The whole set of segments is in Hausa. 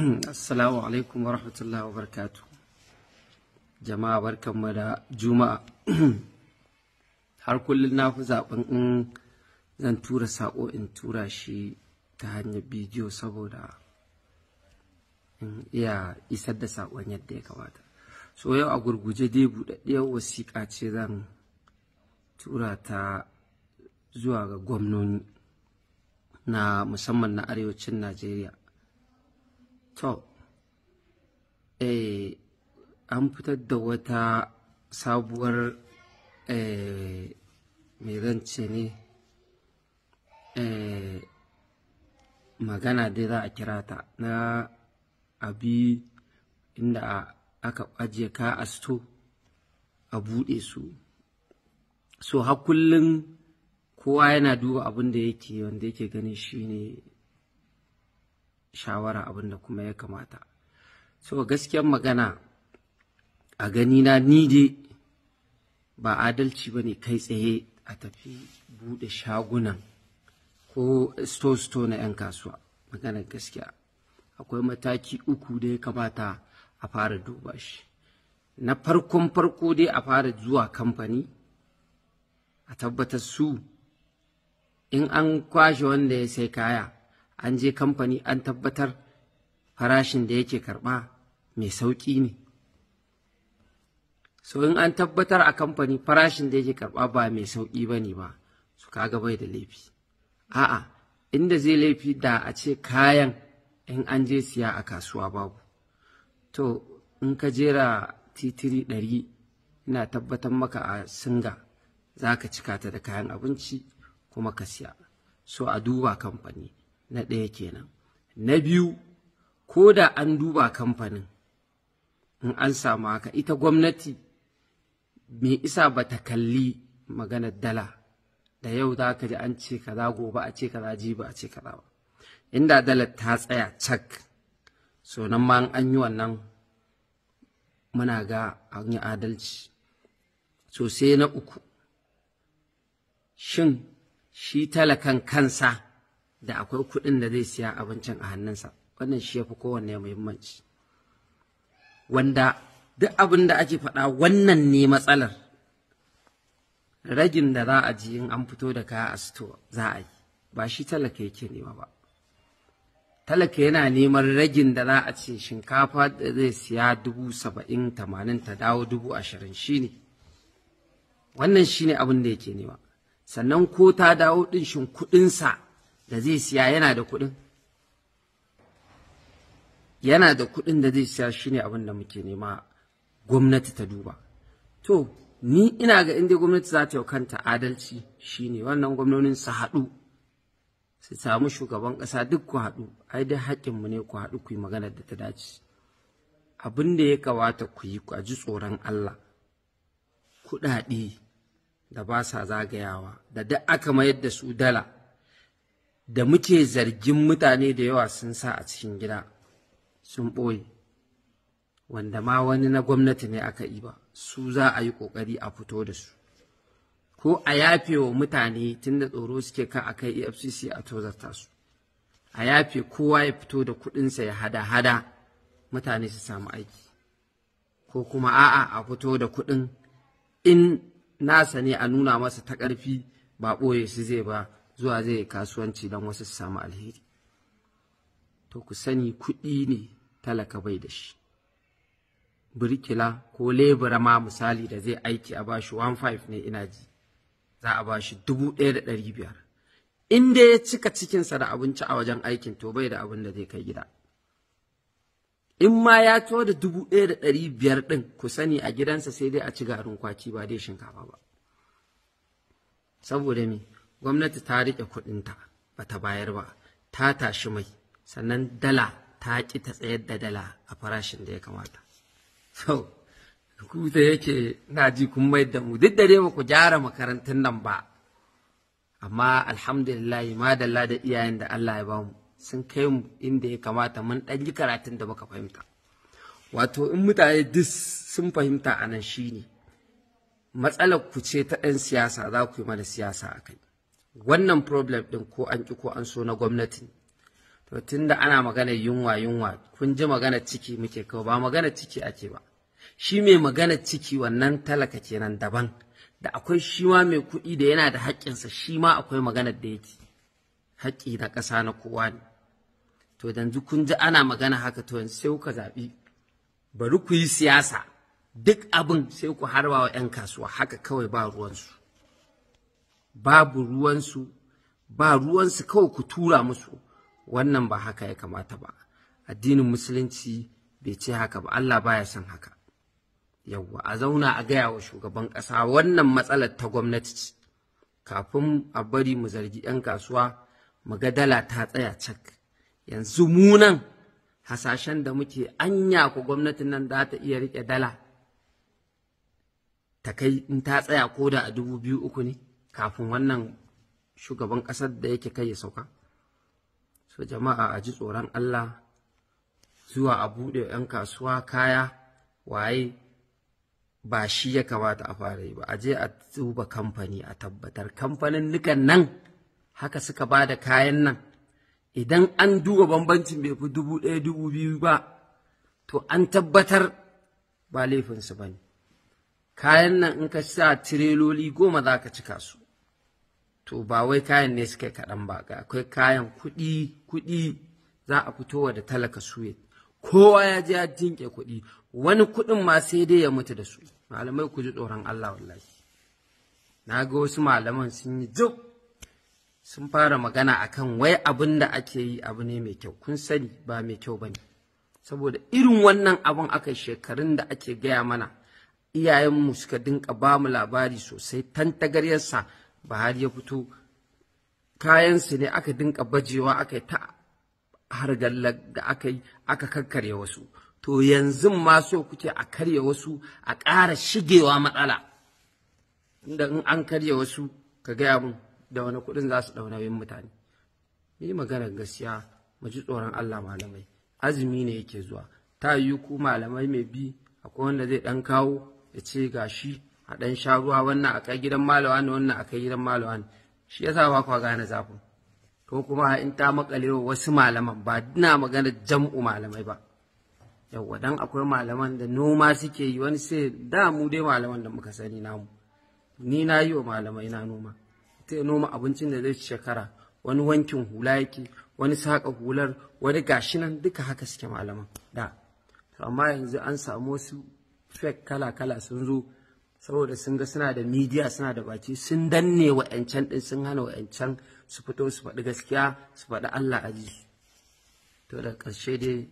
Assalamu alaikum wa rahmatullahi wa barkatu. Jama'a barkanmu da Juma'a. Har kullum na fi zaɓin in zan tura saƙo in tura shi ta hanyar bidiyo saboda in iya isar da saƙon yadda ya kamata. So yau a gurguje dai buɗaɗɗiyar wasiƙa ce zan tura ta zuwa ga gwamnoni na musamman na arewacin Najeriya. To, eh, an fitar da wata sabuwar eh, mai zance ne eh, magana dai za a kira ta na abi inda aka ajiye ka a sto a buɗe su. So, har kullum kowa yana duba abin da yake wanda yake gani shine ne shawara abin da kuma ya kamata so gaskiyar magana a ganina ni dai ba adalci ba ne kai tsaye a tafi buɗe shagunan ko sto-sto na 'yan kasuwa maganar gaskiya akwai mataki uku da ya kamata a fara duba shi na farkon farko dai a fara zuwa kamfani a tabbatar su in an kwashe wanda ya sai kaya an je kamfani an tabbatar farashin da yake karɓa mai sauƙi ne so in an tabbatar a kamfani farashin da yake karɓa ba mai sauƙi ba ne ba su kaga bai da laifi a'a inda zai laifi da a ce kayan in an je siya a kasuwa babu to in ka jera titiri ɗari ina tabbatar maka a singa za ka cika ta da kayan abinci kuma ka siya so a duba kamfani na ɗaya kenan na biyu ko da an duba kamfanin in an samu haka ita gwamnati mai isa ba ta kalli maganar dala da yau za ka ji an ce kaza gobe a ce kaza jibi a ce kaza ba inda dalar ta tsaya cak so nan ma an yi wannan muna ga an yi adalci so sai na uku shin shi talakan kansa da akwai kuɗin da zai siya abincin a hannunsa wannan shi ya fi kowanne muhimmanci wanda duk abin da ake faɗa wannan ne matsalar ragin da za a ji in an fito da kaya a sito za a yi ba shi talaka yake nema ba talaka yana neman ragin da za a ce shinkafa da zai siya dubu saba'in tamanin ta dawo dubu ashirin shi ne wannan shi ne abin da yake nema sannan ko ta dawo ɗinshin shin kuɗinsa da zai siya yana da kuɗin yana da kuɗin da zai siya shine abin da muke nema gwamnati ta duba to ni ina ga inda gwamnati za ta yi kanta adalci shi ne. wannan gwamnonin su haɗu su samu shugaban ƙasa duk ku haɗu ai dai haƙƙinmu ne ku haɗu ku yi maganar da ta dace abin da ya kawata ku yi ku ji tsoron Allah kuɗaɗe da ba sa zagayawa da duk aka mayar da su dala da muke zargin mutane da yawa sun sa a cikin gida sun ɓoye wanda ma wani na gwamnati ne aka yi ba su za a yi ƙoƙari a fito da su ko a yafe wa mutane tunda tsoro suke kan a kai efcc a tozarta su a yafe kowa ya fito da kuɗinsa ya hada-hada mutane su samu aiki ko kuma a'a a fito da kuɗin in nasa ne a nuna masa ta ƙarfi ba ɓoye su zai ba zuwa zai yi kasuwanci don wasu samu alheri to ku sani kuɗi ne talaka bai da shi birkila ko lebura ma misali da zai aiki a bashi 1.5 ne ina ji za a bashi 1,500 in dai ya cika cikinsa da abinci a wajen aikin to bai da abin da zai kai gida in ma ya to da 1,500 ɗin ku sani a gidansa sai dai a ci garin kwaki ba dai shinkafa ba saboda me gwamnati ta riƙe kuɗinta ba ta bayar ba ta tashi mai sannan dala ta ƙi ta tsayar da dala a farashin da ya kamata so ku da yake na ji kun mai da mu duk da dai ku gyara makarantun nan ba amma alhamdulillah ma da da iyayen da Allah ya bamu sun kai mu inda ya kamata mun ɗan yi karatun da muka fahimta wato in mutane duk sun fahimta a nan ne. matsalar ku ce ta ɗan siyasa za ku yi mana siyasa a kai wannan problem ɗin ko an ƙi ko an so na gwamnati to tunda ana magana yunwa yunwa kun ji magana ciki muke kawo ba magana ciki ake ba shi mai magana ciki wannan talaka kenan daban da akwai shi ma mai kuɗi da yana da haƙƙinsa shi ma akwai magana da yake haƙƙi na ƙasa na kowa ne to yanzu kun ji ana magana haka to yanzu sai kuka zaɓi bari ku yi siyasa duk abin sai ku harba wa 'yan kasuwa haka kawai ba ruwansu babu ruwansu ba ruwansu kawai ku tura musu wannan ba haka ya kamata ba addinin musulunci bai ce haka ba Allah baya son haka yawwa a zauna a gaya wa shugaban ƙasa wannan matsalar ta gwamnati ce kafin a bari mu zargi 'yan kasuwa mu ga dala ta tsaya cak yanzu mu nan hasashen da muke anya ku gwamnatin nan za ta iya riƙe dala ta kai in ta tsaya ko da a dubu biyu uku ne kafin wannan shugaban ƙasar da yake kai ya sauka so jama'a a ji tsoron Allah zuwa a buɗe 'yan kasuwa kaya waye ba shi ya kamata a fara yi ba a je a zuba kamfani a tabbatar kamfanin nukan nan haka suka ba da kayan nan idan an duba bambancin bai fi dubu ɗaya dubu biyu ba to an tabbatar ba laifinsu ba ne kayan nan in ka sa tireloli goma za ka cika su to ba wai kayan ne suka kaɗan ba ga akwai kayan kuɗi kuɗi za a fitowa da talaka suye kowa ya je ya jinƙe kuɗi wani kuɗin ma sai dai ya mutu da su malamai ku ji tsoron Allah wallahi na ga wasu malaman sun yi zub sun fara magana akan wai abin da ake yi abu ne mai kyau kun sani ba mai kyau ba ne saboda irin wannan abin aka shekarun da ake gaya mana iyayenmu suka dinka ba mu labari sosai tantagaryarsa har ya fito kayansu ne aka dinka bajewa aka yi ta hargallar da aka yi aka kakkarya wasu to yanzu ma so kuke a karya wasu a ƙara shigewa matsala inda in an karya wasu ka gaya mun da wani kuɗin za su yin mutane Yi maganar gaskiya mu ji tsoron Allah malamai azumi ne yake zuwa ta yi ku malamai mai bi akwai wanda zai ɗan kawo ya ce ga shi a ɗan sha ruwa wannan a kai gidan malawa ne wannan a kai gidan malawa ne shi sa ba kwa gane zafin ko kuma in ta makale wa wasu malaman ba ina magana jam'u malamai ba yawwa dan akwai malaman da noma suke yi wani sai da mu dai malaman da muka sani namu ni na yi wa malamai na noma ta noma abincin da zai ci shekara wani wankin hula yake wani saƙa hular wani gashi nan duka haka suke malaman da amma yanzu an samu wasu fake kala-kala sun zo saboda sun ga suna da midiya suna da baki sun danne wa'yancan ɗin sun hana wa'yancan su fito su faɗi gaskiya su faɗi Allah aji. to da ƙarshe dai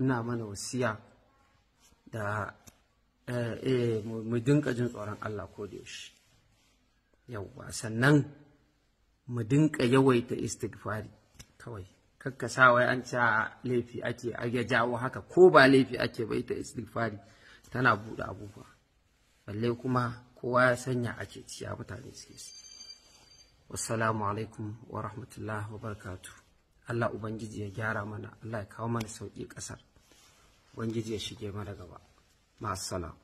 ina mana wasiya da eh, eh, mu dinka jin tsoron Allah ko da yaushe yawwa sannan mu dinka yawaita istighfari kawai kakkasawa an ca laifi ake a jawo haka ko ba laifi ake bai ta istighfari tana buɗe abubuwa balle kuma kowa ya sanya ake ciya mutane suke su wassalamu alaikum wa rahmatullahi wa barakatu Allah Ubangiji ya gyara mana Allah ya kawo mana sauƙi ƙasar Ubangiji ya shige mana gaba salam.